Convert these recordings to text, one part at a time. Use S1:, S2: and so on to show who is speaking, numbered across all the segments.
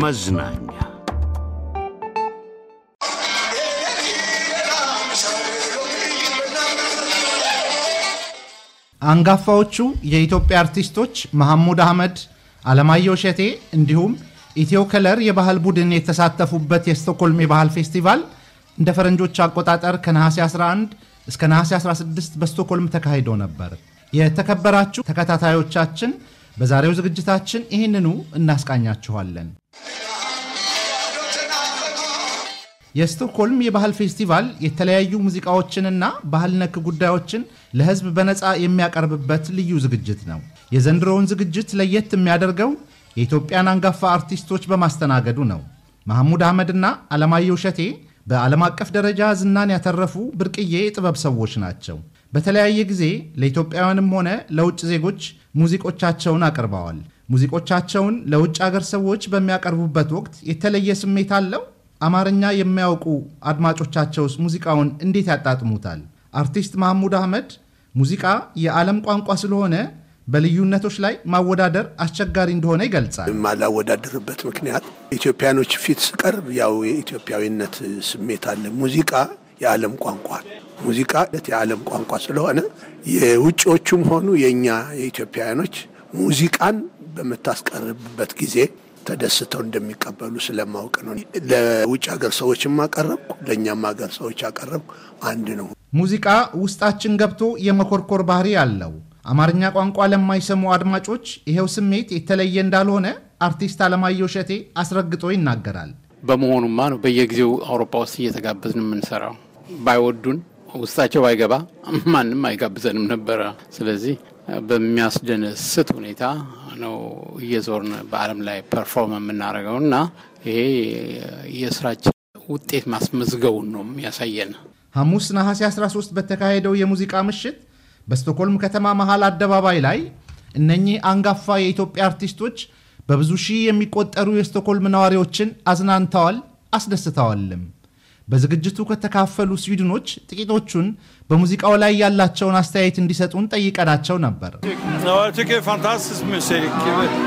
S1: መዝናኛ
S2: አንጋፋዎቹ የኢትዮጵያ አርቲስቶች መሐሙድ አህመድ፣ አለማየሁ ሸቴ እንዲሁም ኢትዮ ከለር የባህል ቡድን የተሳተፉበት የስቶኮልም የባህል ፌስቲቫል እንደ ፈረንጆች አቆጣጠር ከነሐሴ 11 እስከ ነሐሴ 16 በስቶኮልም ተካሂዶ ነበር። የተከበራችሁ ተከታታዮቻችን በዛሬው ዝግጅታችን ይህንኑ እናስቃኛችኋለን። የስቶክሆልም የባህል ፌስቲቫል የተለያዩ ሙዚቃዎችንና ባህል ነክ ጉዳዮችን ለህዝብ በነፃ የሚያቀርብበት ልዩ ዝግጅት ነው። የዘንድሮውን ዝግጅት ለየት የሚያደርገው የኢትዮጵያን አንጋፋ አርቲስቶች በማስተናገዱ ነው። መሐሙድ አህመድና አለማየሁ ሸቴ በዓለም አቀፍ ደረጃ ዝናን ያተረፉ ብርቅዬ የጥበብ ሰዎች ናቸው። በተለያየ ጊዜ ለኢትዮጵያውያንም ሆነ ለውጭ ዜጎች ሙዚቆቻቸውን አቅርበዋል። ሙዚቆቻቸውን ለውጭ አገር ሰዎች በሚያቀርቡበት ወቅት የተለየ ስሜት አለው አማርኛ የሚያውቁ አድማጮቻቸውስ ሙዚቃውን እንዴት ያጣጥሙታል? አርቲስት መሐሙድ አህመድ ሙዚቃ የዓለም ቋንቋ ስለሆነ በልዩነቶች ላይ ማወዳደር አስቸጋሪ
S3: እንደሆነ ይገልጻል። የማላወዳደርበት ምክንያት ኢትዮጵያኖች ፊት ስቀርብ ያው የኢትዮጵያዊነት ስሜት አለ። ሙዚቃ የዓለም ቋንቋ ሙዚቃ የዓለም ቋንቋ ስለሆነ የውጭዎቹም ሆኑ የእኛ የኢትዮጵያውያኖች ሙዚቃን በምታስቀርብበት ጊዜ ተደስተው እንደሚቀበሉ ስለማወቅ ነው። ለውጭ ሀገር ሰዎችም አቀረብኩ፣ ለእኛም ሀገር ሰዎች አቀረብኩ። አንድ ነው። ሙዚቃ ውስጣችን
S2: ገብቶ የመኮርኮር ባህሪ አለው። አማርኛ ቋንቋ ለማይሰሙ አድማጮች ይሄው ስሜት የተለየ እንዳልሆነ አርቲስት አለማየሁ እሸቴ አስረግጦ ይናገራል።
S1: በመሆኑማ ነው በየጊዜው አውሮፓ ውስጥ እየተጋበዝን የምንሰራው። ባይወዱን ውስጣቸው ባይገባ ማንም አይጋብዘንም ነበረ። ስለዚህ በሚያስደነስት ሁኔታ ነው እየዞርን በዓለም ላይ ፐርፎርም የምናደርገው እና ይሄ የስራችን ውጤት ማስመዝገቡን ነው የሚያሳየን።
S2: ሐሙስ ነሐሴ 13 በተካሄደው የሙዚቃ ምሽት በስቶኮልም ከተማ መሃል አደባባይ ላይ እነኚህ አንጋፋ የኢትዮጵያ አርቲስቶች በብዙ ሺህ የሚቆጠሩ የስቶኮልም ነዋሪዎችን አዝናንተዋል፣ አስደስተዋልም። በዝግጅቱ ከተካፈሉ ስዊድኖች ጥቂቶቹን በሙዚቃው ላይ ያላቸውን አስተያየት እንዲሰጡን ጠይቀናቸው ነበር።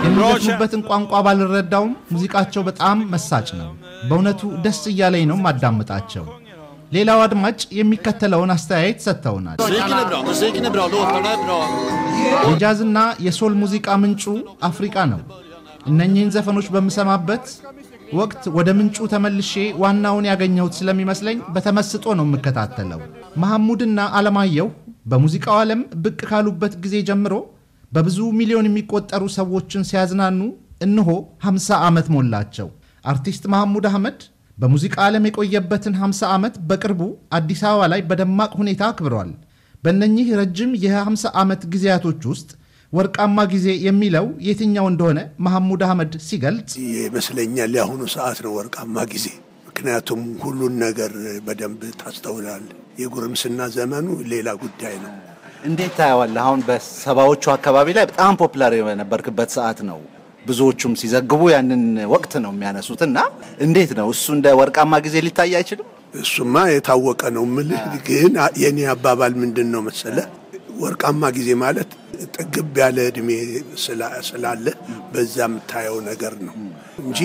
S1: የሚዘፍኑበትን
S2: ቋንቋ ባልረዳውም ሙዚቃቸው በጣም መሳጭ ነው። በእውነቱ ደስ እያለኝ ነው ማዳመጣቸው ሌላው አድማጭ የሚከተለውን አስተያየት ሰጥተውናል። የጃዝና የሶል ሙዚቃ ምንጩ አፍሪቃ ነው። እነኚህን ዘፈኖች በምሰማበት ወቅት ወደ ምንጩ ተመልሼ ዋናውን ያገኘሁት ስለሚመስለኝ በተመስጦ ነው የምከታተለው። መሐሙድና አለማየሁ በሙዚቃው ዓለም ብቅ ካሉበት ጊዜ ጀምሮ በብዙ ሚሊዮን የሚቆጠሩ ሰዎችን ሲያዝናኑ እንሆ 50 ዓመት ሞላቸው። አርቲስት መሐሙድ አህመድ በሙዚቃ ዓለም የቆየበትን 50 ዓመት በቅርቡ አዲስ አበባ ላይ በደማቅ ሁኔታ አክብሯል። በእነኚህ ረጅም የ50 ዓመት ጊዜያቶች ውስጥ ወርቃማ ጊዜ የሚለው የትኛው
S3: እንደሆነ መሐሙድ አህመድ ሲገልጽ ይመስለኛል የአሁኑ ሰዓት ነው ወርቃማ ጊዜ። ምክንያቱም ሁሉን ነገር በደንብ ታስተውላል። የጉርምስና ዘመኑ ሌላ ጉዳይ ነው። እንዴት ታየዋለህ? አሁን በሰባዎቹ አካባቢ ላይ በጣም ፖፕላር የነበርክበት ሰዓት ነው። ብዙዎቹም ሲዘግቡ ያንን ወቅት ነው የሚያነሱት እና እንዴት ነው እሱ እንደ ወርቃማ ጊዜ ሊታይ አይችልም? እሱማ የታወቀ ነው። ምልህ ግን የኔ አባባል ምንድን ነው መሰለ፣ ወርቃማ ጊዜ ማለት ጥግብ ያለ እድሜ ስላለ በዛ የምታየው ነገር ነው እንጂ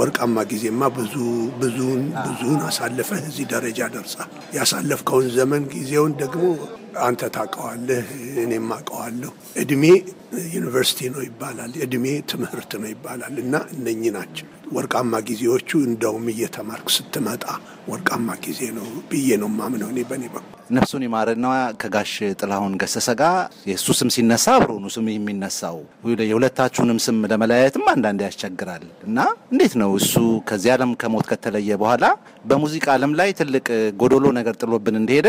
S3: ወርቃማ ጊዜማ ብዙ ብዙን ብዙን አሳልፈህ እዚህ ደረጃ ደርሳል። ያሳለፍከውን ዘመን ጊዜውን ደግሞ አንተ ታውቀዋለህ፣ እኔም አውቀዋለሁ። እድሜ ዩኒቨርሲቲ ነው ይባላል፣ እድሜ ትምህርት ነው ይባላል። እና እነኚህ ናቸው ወርቃማ ጊዜዎቹ። እንደውም እየተማርክ ስትመጣ ወርቃማ ጊዜ ነው ብዬ ነው ማምነው እኔ በእኔ በኩል
S2: ነፍሱን ይማርና ከጋሽ ጥላሁን ገሰሰ ጋር የእሱ ስም ሲነሳ አብሮ ስም የሚነሳው። የሁለታችሁንም ስም ለመለያየትም አንዳንድ ያስቸግራል እና እንዴት ነው እሱ ከዚህ ዓለም ከሞት ከተለየ በኋላ በሙዚቃ ዓለም ላይ ትልቅ ጎዶሎ ነገር ጥሎብን እንደሄደ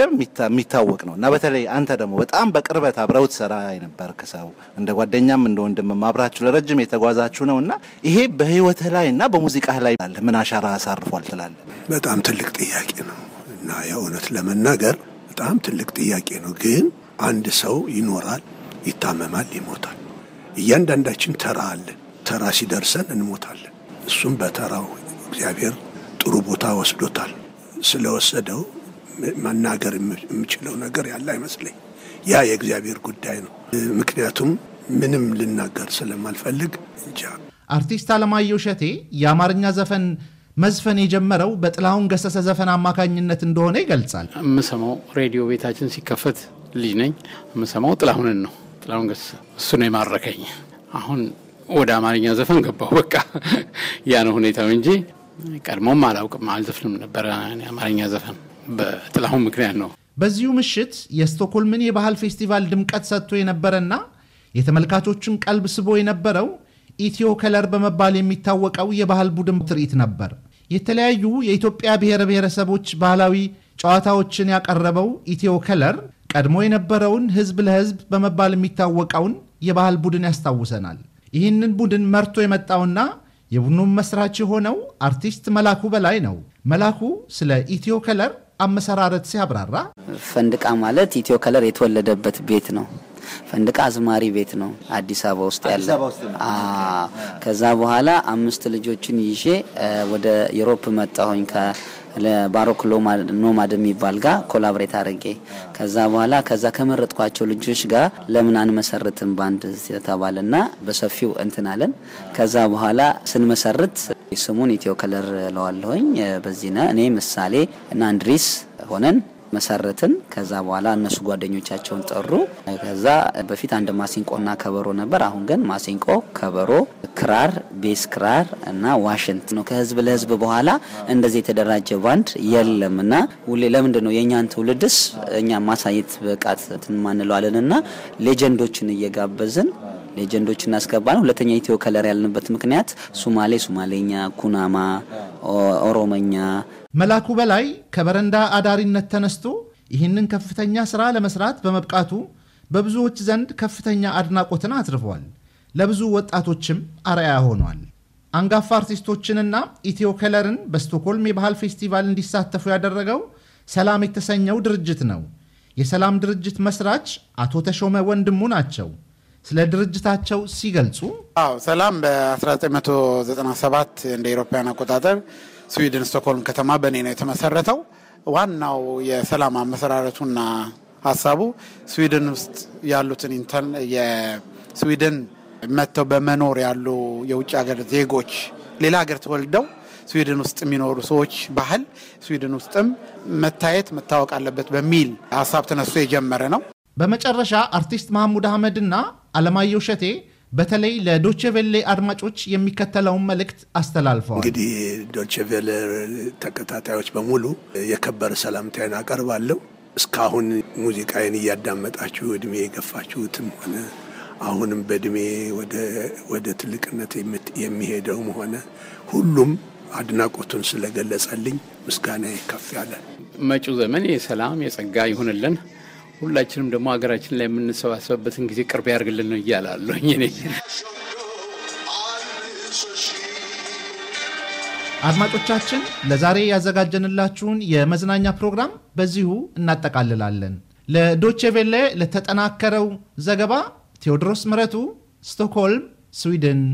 S2: የሚታወቅ ነው እና በተለይ አንተ ደግሞ በጣም በቅርበት አብረው ትሰራ የነበር ከሰው እንደ ጓደኛም እንደ ወንድም ማብራችሁ ለረጅም የተጓዛችሁ ነው እና ይሄ በህይወት ላይ እና በሙዚቃ ላይ ምን አሻራ አሳርፏል ትላለህ?
S3: በጣም ትልቅ ጥያቄ ነው እና የእውነት ለመናገር በጣም ትልቅ ጥያቄ ነው። ግን አንድ ሰው ይኖራል፣ ይታመማል፣ ይሞታል። እያንዳንዳችን ተራ አለን። ተራ ሲደርሰን እንሞታለን። እሱም በተራው እግዚአብሔር ጥሩ ቦታ ወስዶታል። ስለወሰደው መናገር የምችለው ነገር ያለ አይመስለኝ። ያ የእግዚአብሔር ጉዳይ ነው። ምክንያቱም ምንም ልናገር ስለማልፈልግ እንጃ።
S2: አርቲስት አለማየሁ እሸቴ የአማርኛ ዘፈን መዝፈን የጀመረው በጥላሁን ገሰሰ ዘፈን አማካኝነት እንደሆነ ይገልጻል።
S1: የምሰማው ሬዲዮ ቤታችን ሲከፈት ልጅ ነኝ የምሰማው ጥላሁንን ነው። ጥላሁን ገሰሰ እሱ ነው የማረከኝ። አሁን ወደ አማርኛ ዘፈን ገባሁ። በቃ ያ ነው ሁኔታው እንጂ ቀድሞም አላውቅም፣ አልዘፍንም ነበረ የአማርኛ ዘፈን በጥላሁን ምክንያት ነው።
S2: በዚሁ ምሽት የስቶኮልምን የባህል ፌስቲቫል ድምቀት ሰጥቶ የነበረና የተመልካቾችን ቀልብ ስቦ የነበረው ኢትዮ ከለር በመባል የሚታወቀው የባህል ቡድን ትርኢት ነበር። የተለያዩ የኢትዮጵያ ብሔር ብሔረሰቦች ባህላዊ ጨዋታዎችን ያቀረበው ኢትዮ ከለር ቀድሞ የነበረውን ህዝብ ለህዝብ በመባል የሚታወቀውን የባህል ቡድን ያስታውሰናል። ይህንን ቡድን መርቶ የመጣውና የቡድኑም መስራች የሆነው አርቲስት መላኩ በላይ ነው። መላኩ ስለ ኢትዮ ከለር አመሰራረት ሲያብራራ
S1: ፈንድቃ ማለት ኢትዮ ከለር የተወለደበት ቤት ነው። ፈንድቃ አዝማሪ ቤት ነው አዲስ አበባ ውስጥ ያለ። ከዛ በኋላ አምስት ልጆችን ይዤ ወደ ዩሮፕ መጣሁኝ ለባሮክ ኖማድ የሚባል ጋር ኮላብሬት አድርጌ ከዛ በኋላ ከዛ ከመረጥኳቸው ልጆች ጋር ለምን አንመሰርትም ባንድ ተባለና በሰፊው እንትን አለን። ከዛ በኋላ ስንመሰርት ስሙን ኢትዮ ከለር ለዋለሁኝ። በዚህ ነ እኔ ምሳሌ እና አንድሪስ ሆነን መሰረትን። ከዛ በኋላ እነሱ ጓደኞቻቸውን ጠሩ። ከዛ በፊት አንድ ማሲንቆና ከበሮ ነበር። አሁን ግን ማሲንቆ፣ ከበሮ፣ ክራር፣ ቤስ ክራር እና ዋሽንት ነው። ከህዝብ ለህዝብ በኋላ እንደዚህ የተደራጀ ባንድ የለም እና ሁሌ ለምንድን ነው የእኛን ትውልድስ እኛ ማሳየት ብቃት ትንማንለዋለን እና ሌጀንዶችን እየጋበዝን ሌጀንዶች እናስገባለን። ሁለተኛ ኢትዮ
S2: ከለር ያልንበት ምክንያት ሱማሌ ሱማሌኛ፣ ኩናማ ኦሮመኛ መላኩ በላይ ከበረንዳ አዳሪነት ተነስቶ ይህንን ከፍተኛ ስራ ለመስራት በመብቃቱ በብዙዎች ዘንድ ከፍተኛ አድናቆትን አትርፏል። ለብዙ ወጣቶችም አርአያ ሆኗል። አንጋፋ አርቲስቶችንና ኢትዮ ከለርን በስቶኮልም የባህል ፌስቲቫል እንዲሳተፉ ያደረገው ሰላም የተሰኘው ድርጅት ነው። የሰላም ድርጅት መስራች አቶ ተሾመ ወንድሙ ናቸው። ስለ ድርጅታቸው ሲገልጹ
S1: አዎ ሰላም በ1997 እንደ ኢሮፓውያን አቆጣጠር ስዊድን ስቶክሆልም ከተማ በእኔ ነው የተመሰረተው። ዋናው የሰላም አመሰራረቱና ሀሳቡ ስዊድን ውስጥ ያሉትን የስዊድን መጥተው በመኖር ያሉ የውጭ ሀገር ዜጎች ሌላ ሀገር ተወልደው ስዊድን ውስጥ የሚኖሩ ሰዎች ባህል ስዊድን ውስጥም መታየት መታወቅ አለበት በሚል ሀሳብ ተነስቶ የጀመረ ነው።
S2: በመጨረሻ አርቲስት መሐሙድ አህመድና አለማየሁ ሸቴ በተለይ ለዶችቬሌ አድማጮች የሚከተለውን መልእክት አስተላልፈዋል።
S3: እንግዲህ ዶችቬሌ ተከታታዮች በሙሉ የከበረ ሰላምታዬን አቀርባለሁ። እስካሁን ሙዚቃዬን እያዳመጣችሁ እድሜ የገፋችሁትም ሆነ አሁንም በእድሜ ወደ ትልቅነት የሚሄደውም ሆነ ሁሉም አድናቆቱን ስለገለጸልኝ ምስጋና ከፍ ያለ።
S1: መጪው ዘመን የሰላም የጸጋ ይሁንልን። ሁላችንም ደግሞ ሀገራችን ላይ የምንሰባሰብበትን ጊዜ ቅርብ ያርግልን እያላለሁ እኔ።
S2: አድማጮቻችን ለዛሬ ያዘጋጀንላችሁን የመዝናኛ ፕሮግራም በዚሁ እናጠቃልላለን። ለዶቼ ለተጠናከረው ዘገባ ቴዎድሮስ ምረቱ፣ ስቶክሆልም፣ ስዊድን